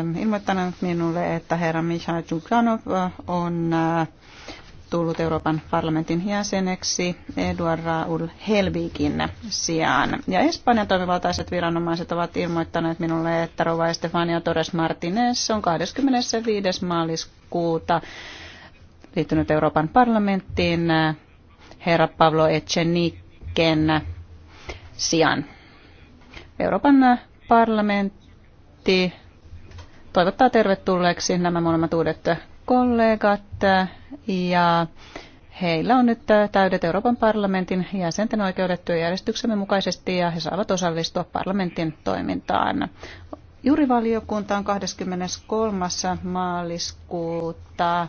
Ähm, ilmoittanut minulle, että herra Mihail Zhukhanov äh, on äh, tullut Euroopan parlamentin jäseneksi Eduard Raul Helvikin sijaan. Ja Espanjan toimivaltaiset viranomaiset ovat ilmoittaneet minulle, että rouva Estefania Torres Martinez on 25. maaliskuuta liittynyt Euroopan parlamenttiin äh, herra Pablo Echeniken sijaan. Euroopan parlamentti toivottaa tervetulleeksi nämä molemmat uudet kollegat ja heillä on nyt täydet Euroopan parlamentin jäsenten oikeudet työjärjestyksemme mukaisesti ja he saavat osallistua parlamentin toimintaan. Juurivaliokunta on 23. maaliskuuta